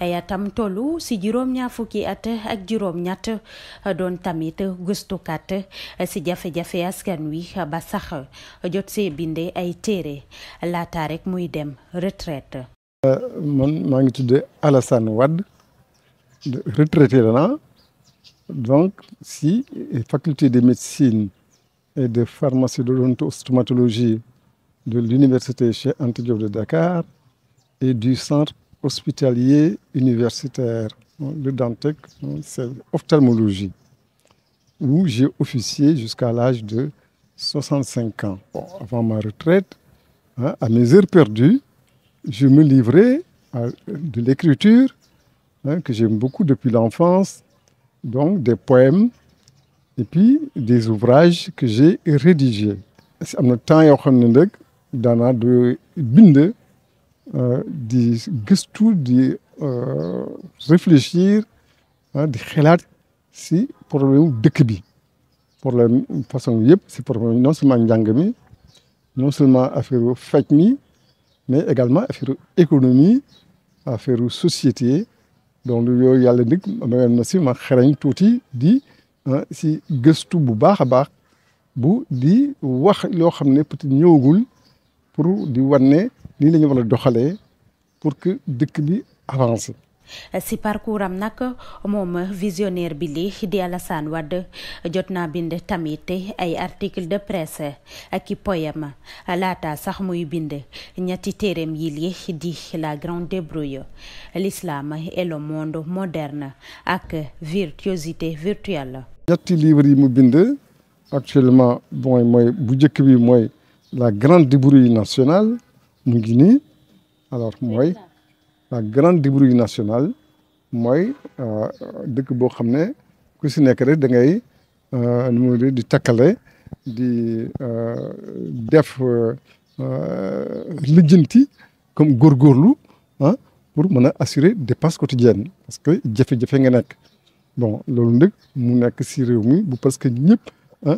ay atam tollu si juróom-ñaar fukki ak juróom doon tamit gëstukat si jafe-jafe askan wi ba sax jot see binde ay téere laata rek muy dem retraite. man maa ngi tuddee donc si faculté de médecine et de pharmacie d'odontostomatologie de l'université Cheikh Anta Diop de Dakar et du centre hospitalier universitaire, le Dantec, c'est ophtalmologie, où j'ai officié jusqu'à l'âge de 65 ans. Bon, avant ma retraite, hein, à mes heures je me livrais de l'écriture, que j'aime beaucoup depuis l'enfance, des poèmes et puis des ouvrages que j'ai rédigés. am na temps yoo xam ne nag Euh, di gëstu di euh, réfléchir ah, di xalaat si problème dëkk bi problème façon yëpp si problème non seulement njàng mi non seulement affaire faj mi mais également affaire économie affaire société donc yooyu yàlla ndig mayoon na si ma xereñ tuuti di ah, si gëstu bu baax a baax bu di wax loo xam ne peut-être ñëwagul pour di wane. nii la ñu war pour que dëkk bi avance si parcours am nag moom visionnaire bi li di Alassane Wade jot naa bind tamit ay article de presse ak i poème laata sax muy bind ñetti téereem yi li di la grande débrouille l'islam et le monde moderne ak virtuosité virtuelle ñetti livre yi mu bind actuellement bon mooy bu njëkk bi mooy la grande débrouille nationale mu ngi nii alors mooy la grande débrouille nationale mooy euh, dëkk boo xam ne ku si nekk rek da ngay euh, nu mu di takkale di euh, def lijjanti comme góorgóorlu ah pour mën a assurer dépense quotidienne parce que jafe-jafe nga nekk bon loolu nag mu nekk si réew mi bu parce que ñëpp ah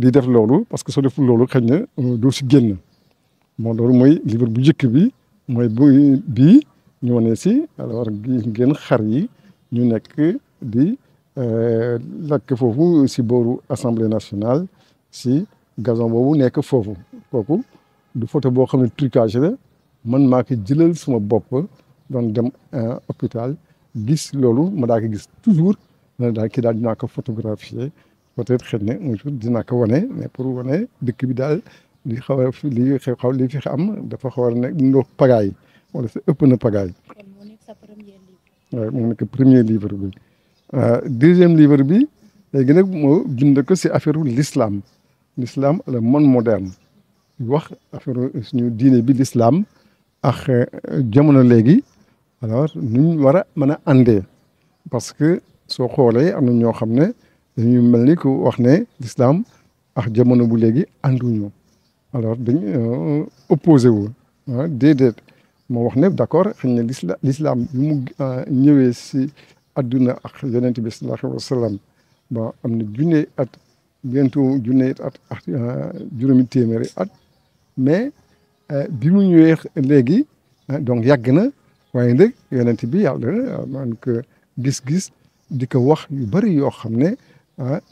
di def loolu parce que soo deful loolu xëy na doo si génn. moo loolu mooy livre bu njëkk bi mooy bu bii ñu wane si alors gis ngeen xar yi ñu nekk di euh, lakk foofu si booru assemblée national si gazon boobu nekk foofu kooku du photo boo xam ne trucage la man maa ko jëlal suma bopp doon dem euh, hôpital gis loolu ma daa ko gis toujours ma ne daal kii daal ko photographier peut-être xëy na un jour dinaa ko wane mais pour wane dëkk bi daal li xaw lii li xew xaw li fi am dafa xaw a nekk ndox pagaay wala sa ëpp na pagaay. waaw mu nekk premier livre bi. Euh, deuxième livre bi léegi nag moo bind ko si affaire lislaam l'islam le monde moderne wax affaire suñu diine bi l'islam ax euh, jamono léegi alors nuñ war a mën a àndee parce que soo xoolee am na ñoo xam ne dañuy mel ni ku wax ne l'islam ax jamono bu léegi ànduñu. alors dañu euh, opposé wu ah, déedéet moo wax ne d'accord xëy na l'islam l'islam bi mu ah, ñëwee si adduna ak yonent bi sallallahu alayhi wa sallam bon am na junne at bientu junne at ak ah, juróomi téeméeri at mais euh, bi mu ñëwee léegi donc yàgg na waaye nag yonent bi yàlla man ko gis-gis di ko wax yu bëri yoo xam ne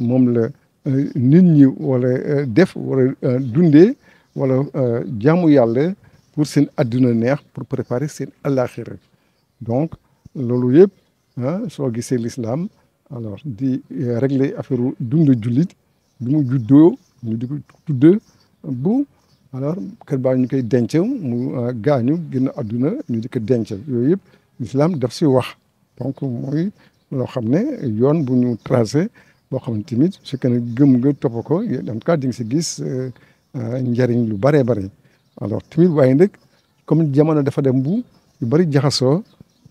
moom la Euh, nit ñi wala euh, def wala euh, dundee wala jaamu yàlla pour seen adduna neex pour préparer seen alaxira donc loolu yëpp ah soo gisee l'islam alors di régler affaire dund jullit bi mu juddoo ñu di ko tudd bu alors kër baa ñu koy denc mu gaañu génn adduna ñu di ko denc yooyu yëpp l'islam daf si wax donc mooy loo xam ne yoon bu ñu tracé boo xam ne tamit su fekkee gëm nga topp ko en tout di nga si gis euh, euh, njariñ lu baree bari alors tamit waaye nag comme jamono dafa dem bu yu bari jaxasoo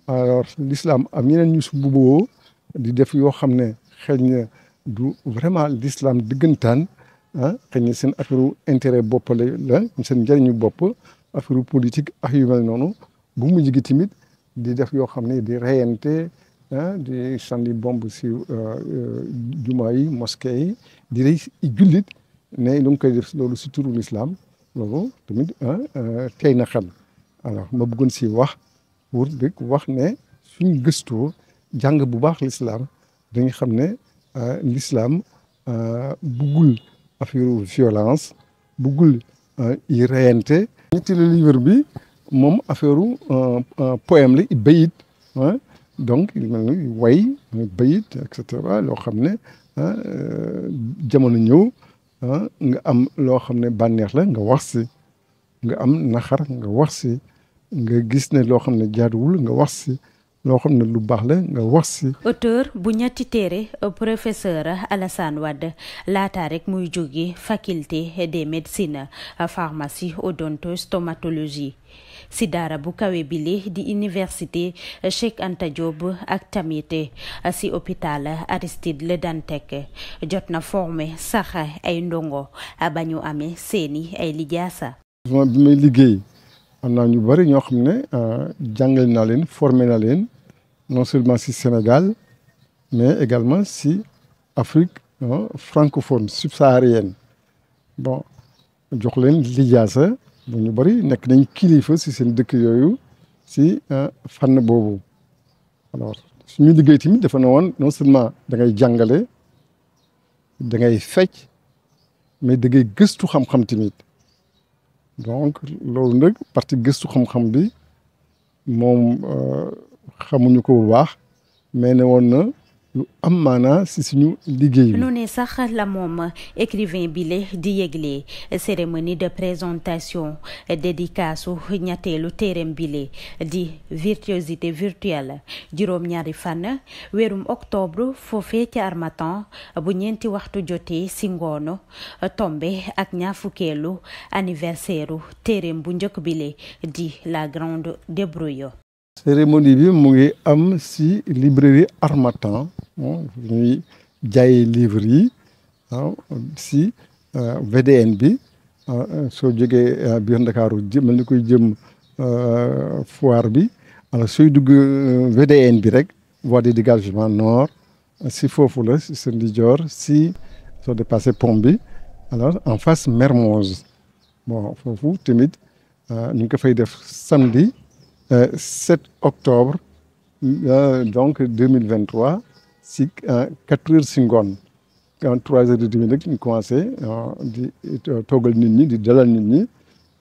alors l'islam am ñeneen ñu su buboo di def yoo xam ne xëy na du vraiment l'islam dëggantaan ah xëy na seen affaire intérêt bopp la seen njëriñu bopp affaire politique ak yu noonu bu mujj gi tamit di def yoo xam ne di reyante di sànni bomb si euh, euh, jumaa yi mosquée yi di jullit ne lu ngi koy def si turu lislaam loolu tamit euh, tey na xam alors ma bëggoon si wax pour rek wax ne suñ gëstoo jàng bu baax lislaam dañu xam ne lislaam buggul affaire violence buggul i reyante ñetti la livre bi moom affaire poème la i bayit donc il mel ni way bayit et cetera loo xam ne ah, euh, jamono ñëw ah, nga am loo xam ne bànneex la nga wax si nga am naxar nga wax si nga gis ne loo xam ne jaaduwul nga wax si loo xam ne lu baax la nga wax si. auteur bu ñetti téere professeur Alassane Wade laata rekk muy jóge faculté des médecines pharmacie odonto stomatologie si daara bu kawee bile di université Cheikh Anta Diop ak tamite ci hôpital Aristide Le Dantec jot na formé sax ay ndongo ba ñu amee seeni ay lijaasa. bi may liggéey am naa ñu bari ñoo xam ne ah, jàngale naa leen formé naa leen. non seulement si Sénégal mais également si Afrique non, francophone subsaharienne bon jox leen lijaasa bu ñu bëri nekk nañ kilifa si seen dëkk yooyu si fànn boobu alors suñu liggéey tamit dafa ne woon non seulement da ngay jàngale da ngay fecc mais da gëstu xam-xam tamit donc loolu nag partie gëstu xam-xam bi moom euh, xamuñu ko bu baax mais ne woon na lu am maanaa si suñu liggéey bi. noonu sax la moom écrivain bi la di yëgle cérémonie de présentation dédicace ñetteelu téereem bi la di virtuosité virtuelle juróom-ñaari fan weerum octobre foofee ci Harmattan bu ñeenti waxtu jotee ci ngoonu tombe ak ñaar fukkeelu téereem bu njëkk bi la di la grande débrouille. cérémonie bi mu ngi am si librairie Harmattan ñuy jaay livre yi si euh, VDN bi soo jógee euh, biir Ndakaaru mel ni koy jëm euh, foire bi alors sooy dugg VDN bi rek voie de dégagement nord si foofu la si sa ndijoor si soo dépassé pont bi alors en face Mermoz bon foofu tamit ñu ngi ko fay def samedi 7 euh, octobre euh, donc 2023 si 4 euh, heures si ngoon en 3 heures de demi nag ñu commencé di toggal nit ñi di dalal nit ñi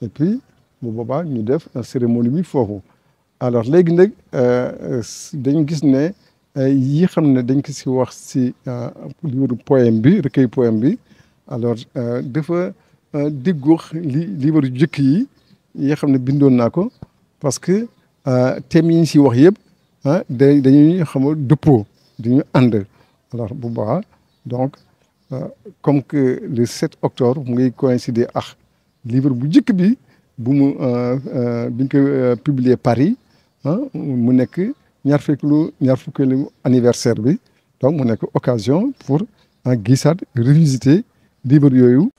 et puis bu boobaa ñu def cérémonie bi foofu alors léegi nag dañ gis ne yi xam ne dañ ko si wax si livre poème bi recueil poème bi alors dafa diggoo li livre yi yi xam ne bindoon naa ko Euh, thèmes yi ñu si wax yëpp ah day dañuy xamal dëppoo dañuy ànd alors bu baax donc euh, comme que le 7 octobre mu ngi coïncider ak livre bu njëkk bi bu mu euh, bi ñu ko publier Paris ah mu nekk ñaar fukkeelu ñaar anniversaire bi donc mu nekk occasion pour en gisaat revisiter livre yooyu.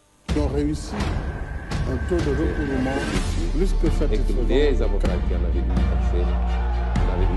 plus que satisfaisant. Et que les avocats qui en avaient dû